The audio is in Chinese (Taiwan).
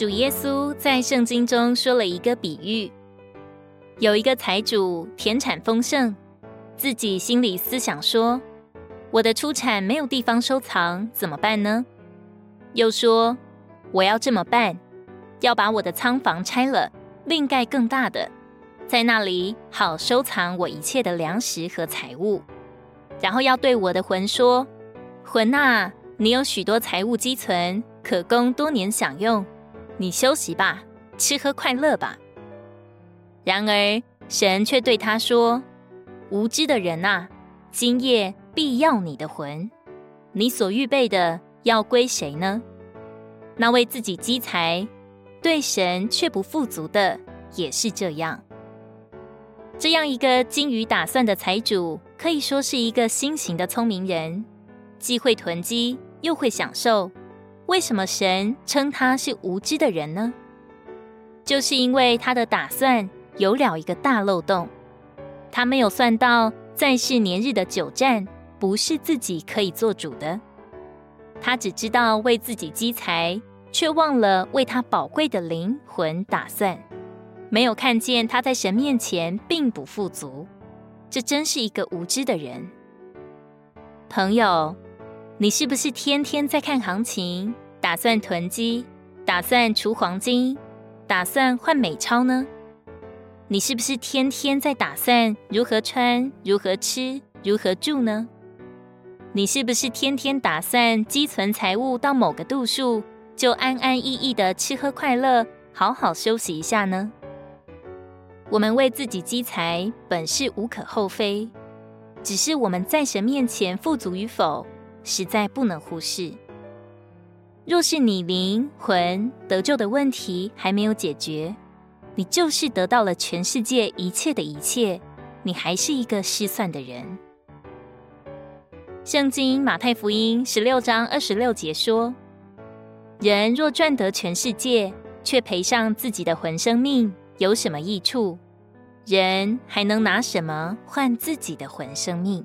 主耶穌在聖經中說了一個比喻：有一個財主田產豐盛，自己心裡思想說：“我的出產沒有地方收藏，怎麼辦呢？”又說：“我要這麼辦，要把我的倉房拆了，另蓋更大的，在那裡好收藏我一切的糧食和財物。”然後要對我的魂說：“魂哪，你有許多財物積存，可供多年享用。”你休息吧，吃喝快樂吧。然而，神卻對他說：“無知的人啊，今夜必要你的魂。你所預備的要歸誰呢？那為自己積財，對神卻不富足的，也是這樣。”這樣一個精於打算的財主，可以說是一個新型的聰明人，既會囤積，又會享受。為什麼神稱他是無知的人呢？就是因為他的打算有了一個大漏洞，他沒有算到在世年日的久暫不是自己可以做主的，他只知道為自己積財，卻忘了為他寶貴的靈魂打算，沒有看見他在神面前並不富足，這真是一個無知的人。朋友，你是不是天天在看行情，打算囤積，打算儲黃金，打算換美鈔呢？你是不是天天在打算如何穿、如何吃、如何住呢？你是不是天天打算積存財物到某個度數，就安安逸逸的吃喝快樂，好好休息一下呢？我們為自己積財，本是無可厚非，只是我們在神面前富足與否？實在不能忽視。若是你靈魂得救的問題還沒有解決，你就是得到了全世界一切的一切，你還是一個失算的人。聖經馬太福音十六章二十六節說：“人若賺得全世界，卻賠上自己的魂生命，有什麼益處？人還能拿什麼換自己的魂生命？”